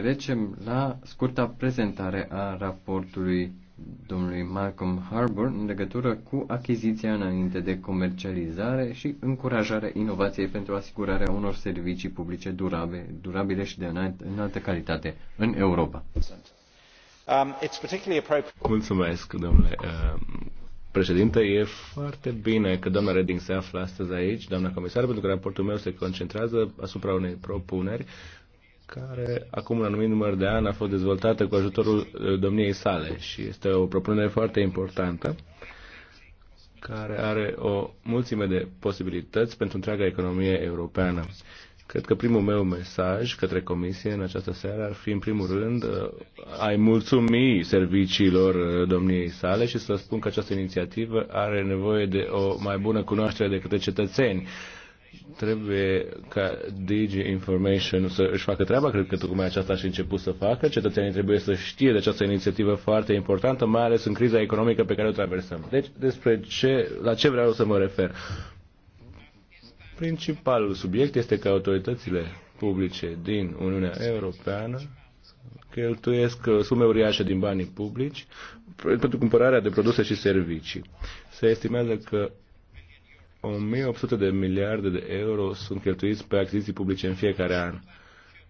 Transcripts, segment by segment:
Trecem la scurta prezentare a raportului domnului Malcolm Harbour în legătură cu achiziția înainte de comercializare și încurajarea inovației pentru asigurarea unor servicii publice durabile, durabile și de înaltă calitate în Europa. Um, Mulțumesc, domnule uh, președinte. E foarte bine că doamna Reding se află astăzi aici, doamna comisar, pentru că raportul meu se concentrează asupra unei propuneri care acum un anumit număr de ani a fost dezvoltată cu ajutorul uh, domniei sale și este o propunere foarte importantă care are o mulțime de posibilități pentru întreaga economie europeană. Cred că primul meu mesaj către Comisie în această seară ar fi, în primul rând, uh, ai mulțumi serviciilor uh, domniei sale și să spun că această inițiativă are nevoie de o mai bună cunoaștere de către cetățeni trebuie ca DG Information să își facă treaba, cred că tocmai aceasta și început să facă. Cetățenii trebuie să știe de această inițiativă foarte importantă, mai ales în criza economică pe care o traversăm. Deci, despre ce, la ce vreau să mă refer? Principalul subiect este că autoritățile publice din Uniunea Europeană cheltuiesc sume uriașe din banii publici pentru cumpărarea de produse și servicii. Se estimează că 1800 de miliarde de euro sunt cheltuiți pe achiziții publice în fiecare an.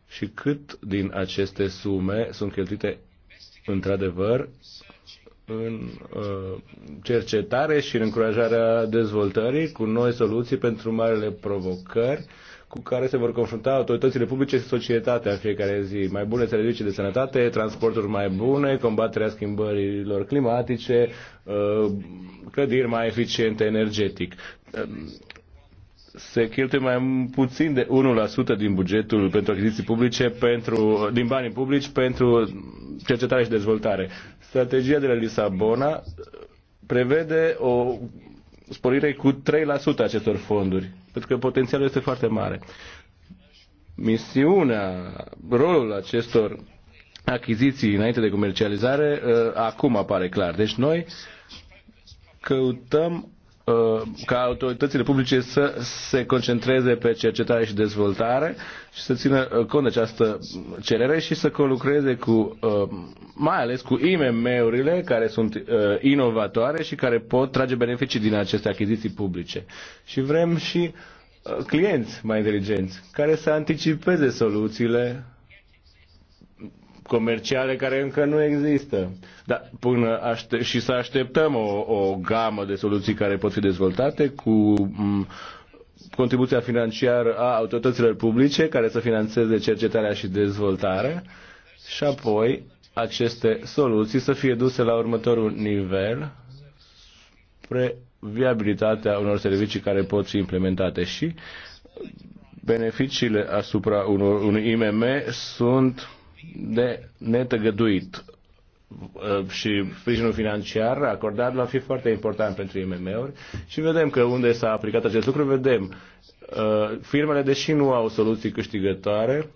Și cât din aceste sume sunt cheltuite într-adevăr în uh, cercetare și în încurajarea dezvoltării cu noi soluții pentru marele provocări, cu care se vor confrunta autoritățile publice și societatea în fiecare zi. Mai bune servicii de sănătate, transporturi mai bune, combaterea schimbărilor climatice, uh, clădiri mai eficiente energetic. Um, se cheltuie mai puțin de 1% din bugetul pentru achiziții publice, pentru, din banii publici, pentru cercetare și dezvoltare. Strategia de la Lisabona uh, prevede o sporire cu 3% acestor fonduri pentru că potențialul este foarte mare. Misiunea, rolul acestor achiziții înainte de comercializare, uh, acum apare clar. Deci noi căutăm Uh, ca autoritățile publice să se concentreze pe cercetare și dezvoltare și să țină uh, cont de această cerere și să colucreze cu, uh, mai ales cu IMM-urile care sunt inovatoare și care pot trage beneficii din aceste achiziții publice. Și vrem și clienți mai inteligenți care să anticipeze soluțiile comerciale care încă nu există. Dar până aște- și să așteptăm o, o gamă de soluții care pot fi dezvoltate cu contribuția financiară a autorităților publice care să financeze cercetarea și dezvoltarea și apoi aceste soluții să fie duse la următorul nivel spre viabilitatea unor servicii care pot fi implementate și beneficiile asupra unor, unui IMM sunt de netăgăduit uh, și sprijinul financiar acordat va fi foarte important pentru IMM-uri și vedem că unde s-a aplicat acest lucru, vedem uh, firmele, deși nu au soluții câștigătoare,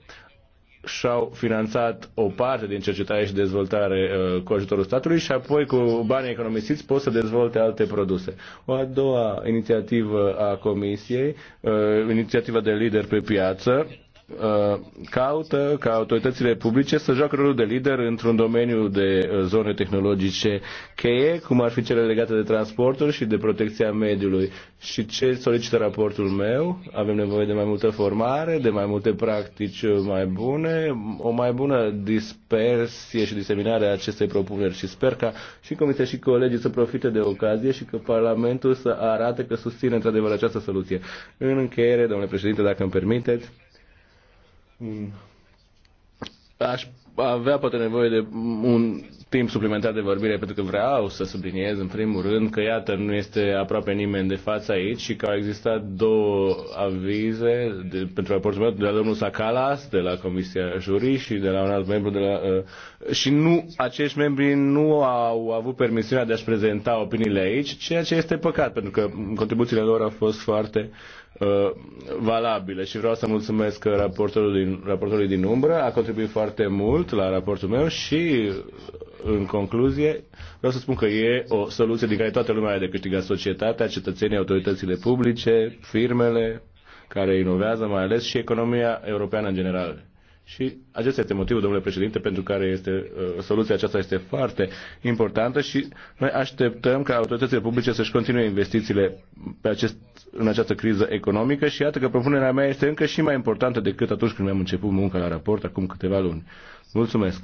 și-au finanțat o parte din cercetare și dezvoltare uh, cu ajutorul statului și apoi cu banii economisiți pot să dezvolte alte produse. O a doua inițiativă a Comisiei, uh, inițiativa de lider pe piață, Uh, caută ca autoritățile publice să joacă rolul de lider într-un domeniu de uh, zone tehnologice cheie, cum ar fi cele legate de transporturi și de protecția mediului. Și ce solicită raportul meu? Avem nevoie de mai multă formare, de mai multe practici uh, mai bune, o mai bună dispersie și diseminare a acestei propuneri și sper ca și Comisia și colegii să profite de ocazie și că Parlamentul să arate că susține într-adevăr această soluție. În încheiere, domnule președinte, dacă îmi permiteți, un aș avea poate nevoie de un timp suplimentar de vorbire, pentru că vreau să subliniez în primul rând că, iată, nu este aproape nimeni de față aici și că au existat două avize de, pentru raportul meu de la domnul Sacalas, de la Comisia Jurii și de la un alt membru de la... Uh, și nu, acești membri nu au avut permisiunea de a-și prezenta opiniile aici, ceea ce este păcat, pentru că contribuțiile lor au fost foarte uh, valabile și vreau să mulțumesc raportorului din, raportorului din umbră, a contribuit foarte mult mult la raportul meu și, în concluzie, vreau să spun că e o soluție din care toată lumea are de câștigat societatea, cetățenii, autoritățile publice, firmele care inovează, mai ales și economia europeană în general. Și acesta este motivul, domnule președinte, pentru care este, uh, soluția aceasta este foarte importantă și noi așteptăm ca autoritățile publice să-și continue investițiile pe acest, în această criză economică și iată că propunerea mea este încă și mai importantă decât atunci când am început munca la raport, acum câteva luni. Mulțumesc.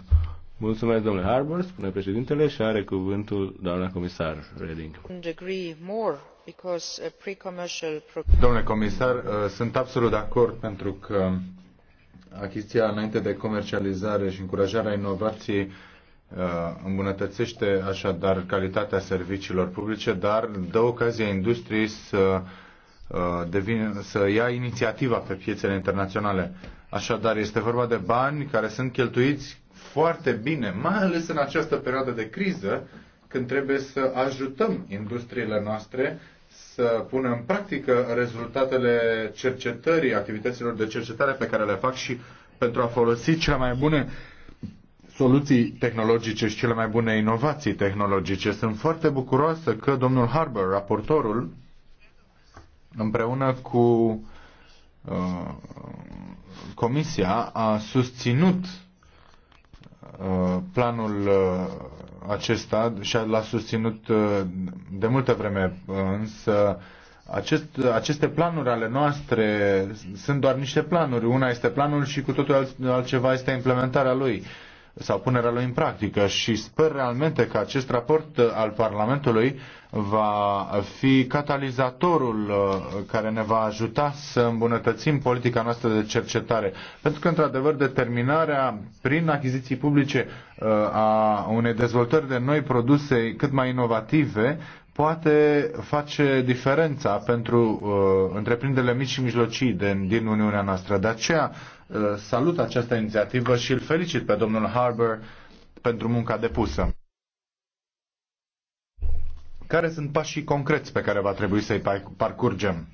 Mulțumesc, domnule Harbour, spune președintele și are cuvântul doamna comisar Reding. Domnule comisar, uh, sunt absolut de acord pentru că achiziția înainte de comercializare și încurajarea inovației uh, îmbunătățește așadar calitatea serviciilor publice, dar dă ocazia industriei să Uh, devine, să ia inițiativa pe piețele internaționale. Așadar, este vorba de bani care sunt cheltuiți foarte bine, mai ales în această perioadă de criză, când trebuie să ajutăm industriile noastre să pună în practică rezultatele cercetării, activităților de cercetare pe care le fac și pentru a folosi cele mai bune soluții tehnologice și cele mai bune inovații tehnologice. Sunt foarte bucuroasă că domnul Harbour, raportorul, împreună cu uh, Comisia a susținut uh, planul uh, acesta și l-a susținut uh, de multă vreme, însă acest, aceste planuri ale noastre sunt doar niște planuri. Una este planul și cu totul alt, altceva este implementarea lui sau punerea lui în practică și sper realmente că acest raport uh, al Parlamentului va fi catalizatorul uh, care ne va ajuta să îmbunătățim politica noastră de cercetare. Pentru că, într-adevăr, determinarea prin achiziții publice uh, a unei dezvoltări de noi produse cât mai inovative poate face diferența pentru uh, întreprinderile mici și mijlocii din, din Uniunea noastră. De aceea uh, salut această inițiativă și îl felicit pe domnul Harbour pentru munca depusă. Care sunt pașii concreți pe care va trebui să-i parcurgem?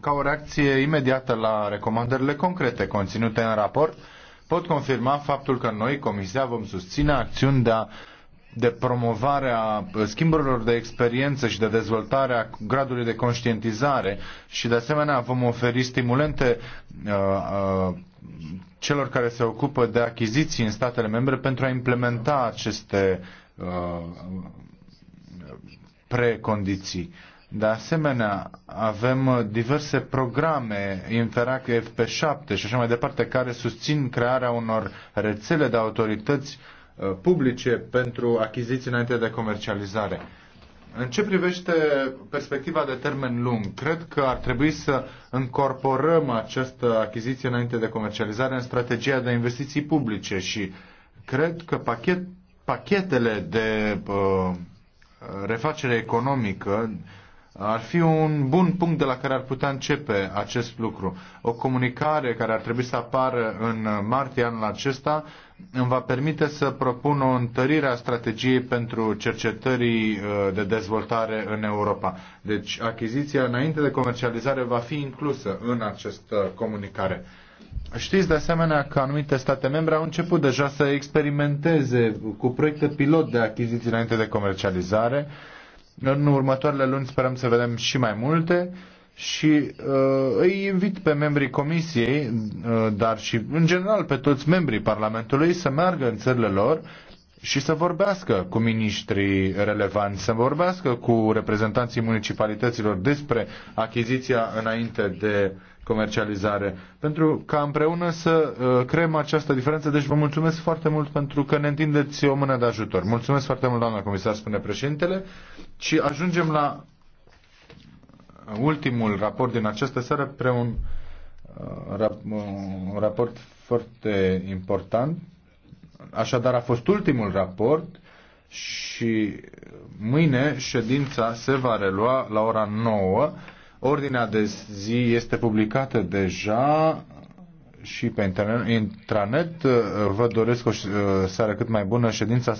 Ca o reacție imediată la recomandările concrete conținute în raport, pot confirma faptul că noi, Comisia, vom susține acțiuni de a uh, de promovare a schimburilor de experiență și de dezvoltare a gradului de conștientizare și de asemenea vom oferi stimulente uh, uh, celor care se ocupă de achiziții în statele membre pentru a implementa aceste uh, precondiții. De asemenea, avem diverse programe, Interact FP7 și așa mai departe, care susțin crearea unor rețele de autorități Uh, publice pentru achiziții înainte de comercializare. În ce privește perspectiva de termen lung, cred că ar trebui să încorporăm această achiziție înainte de comercializare în strategia de investiții publice și cred că pachet, pachetele de uh, refacere economică ar fi un bun punct de la care ar putea începe acest lucru. O comunicare care ar trebui să apară în martie anul acesta îmi va permite să propun o întărire a strategiei pentru cercetării uh, de dezvoltare în Europa. Deci achiziția înainte de comercializare va fi inclusă în această comunicare. Știți de asemenea că anumite state membre au început deja să experimenteze cu proiecte pilot de achiziții înainte de comercializare în următoarele luni sperăm să vedem și mai multe și uh, îi invit pe membrii comisiei, uh, dar și în general pe toți membrii Parlamentului să meargă în țările lor și să vorbească cu miniștrii relevanți, să vorbească cu reprezentanții municipalităților despre achiziția înainte de comercializare, pentru ca împreună să uh, creăm această diferență. Deci vă mulțumesc foarte mult pentru că ne întindeți o mână de ajutor. Mulțumesc foarte mult, doamna comisar, spune președintele, și ajungem la ultimul raport din această seară, pre un, uh, uh, un raport foarte important Așadar a fost ultimul raport și mâine ședința se va relua la ora 9. Ordinea de zi este publicată deja și pe intranet. Vă doresc o uh, seară cât mai bună. Ședința